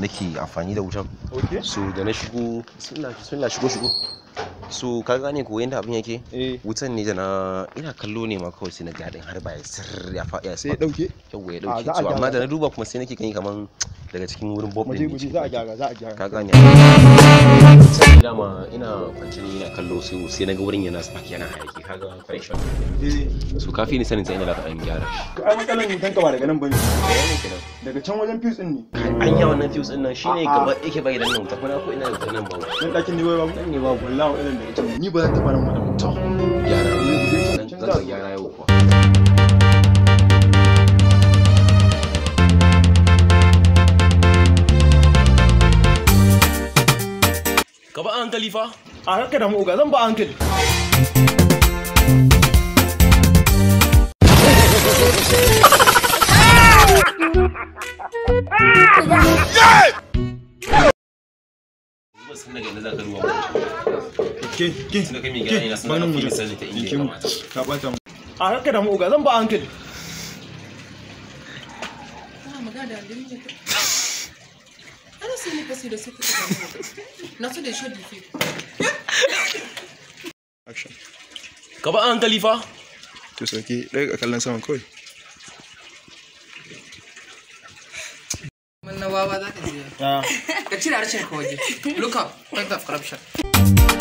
nake amfani da wutan so da na shigo sun shigo shigo so ka gane ko yanda abin yake eh. wutan ne da na ina kallo ne ma kawai sai na ga har ba ya sir ya fa ya sai dauke yawa ya dauke ah, so amma da na duba kuma sai nake gani kaman daga cikin wurin bob ne za a gyara za a gyara ka gane ina kwance ni ina kallo sai sai na ga wurin yana spark yana hayaki kaga connection so kafi ni sanin sai ina da an gyara ka ai matsalan mutan ka ba daga nan bane daga can wajen fuse din ne an yi wannan fuse din nan shine gaba yake bai da nan ta kuna ko ina da nan ba nan dakin ne bai ba nan ne ba wallahi irin daga can ni ba zan taba nan wannan mutum a hankali fa a haka da mu zan ba a hankali a haka da mu zan ba a hankali I don't a secret camera. Action. Ka ba an kalifa? To sauke, ɗaya ga kallon saman kawai. Mun na ka ah. Look up, point of corruption.